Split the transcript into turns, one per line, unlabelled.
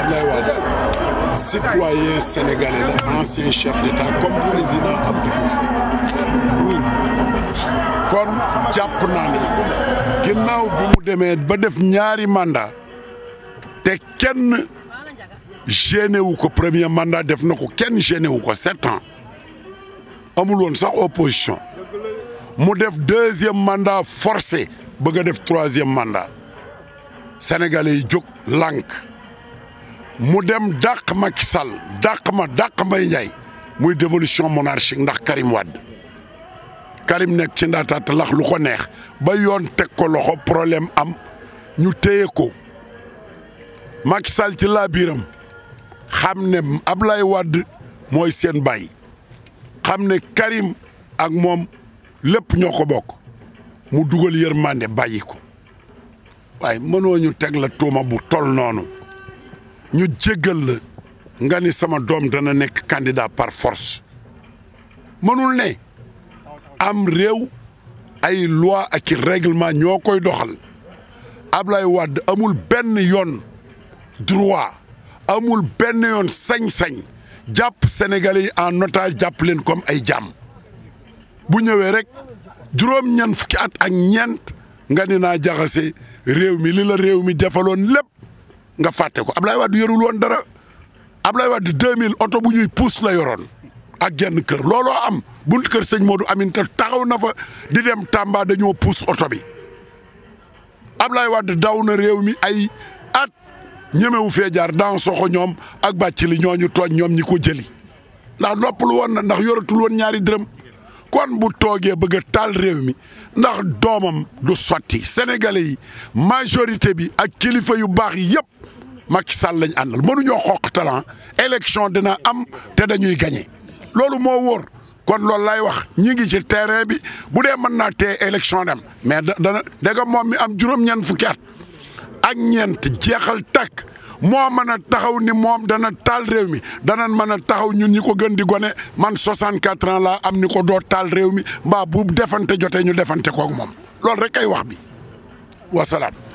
Abdoulaye Wade citoyen sénégalais la d'État comme président Abdou kon jàpp naa ginnaaw bi mu demee ba def ñaari mandat te kenn gêné wu ko premier mandat def na ko kenn gêné wu ko sept ans amul woon sax opposition mu def deuxième mandat forcé bëgg a def troisième mandat sénégalais yi jóg lank mu dem dàq Macky Sall dàq ma dàq Mbaye Ndiaye muy dévolution monarchique ndax Karim Wade Karim nekk ci ndaataat lax lu ko neex ba yoon teg ko loxo problème am ñu téye ko Macky Sall ci laa biiram xam ne Ablaye Wade mooy seen baay xam ne Karim ak moom lépp ñoo ko bokk mu dugal yërmande bàyyi ko waaye mënoo ñu teg la tuuma bu tol noonu. ñu jéggal la nga ni sama doom dana nekk candidat par force mënul ne am réew ay loi ak i règlement ñoo koy doxal Ablaye wàdd amul benn yoon droit amul benn yoon sañ-sañ jàpp Sénégalais yi en otage jàpp leen comme ay jàmm bu ñëwee rek juróom-ñeent fukki at ak ñeent nga ni naa jaxase réew mi li la réew mi defaloon lépp nga fàtte ko Ablaye Wade yorul woon dara Ablaye Wade 2000 oto bu ñuy puus la yoroon ak genn kër looloo am bunt kër sëñ Modou Aminta taxaw na fa di dem Tamba dañoo puus oto bi ab Ablaye Wade daw na réew mi ay at ñemewu fee jaar dans soxo ñoom ak bàcc li ñooñu tooñ ñoom ñi ko jëli ndax noppalu woon na ndax yoratul woon ñaari dërëm. kon bu toogee bëgg a taal réew mi ndax doomam du sotti sénégalais yi majorité bi ak kilifa yu baax yëpp Macky Sall lañ àndal mënuñoo xoq talent élection dina am te dañuy gañe loolu moo wóor kon loolu lay wax ñi ngi ci terrain bi bu dee mën naa te élection dem mais dana dégg moom mi am juróom-ñeent fukki at ak ñeent jeexal takk moo mën a taxaw ni moom dana taal réew mi danañ mën a taxaw ñun ñi ko gën di gone man 64 ans la am ni ko doo taal réew mi mbaa bu defante jotee ñu defante koog moom loolu rek ay wax bi wasalaam.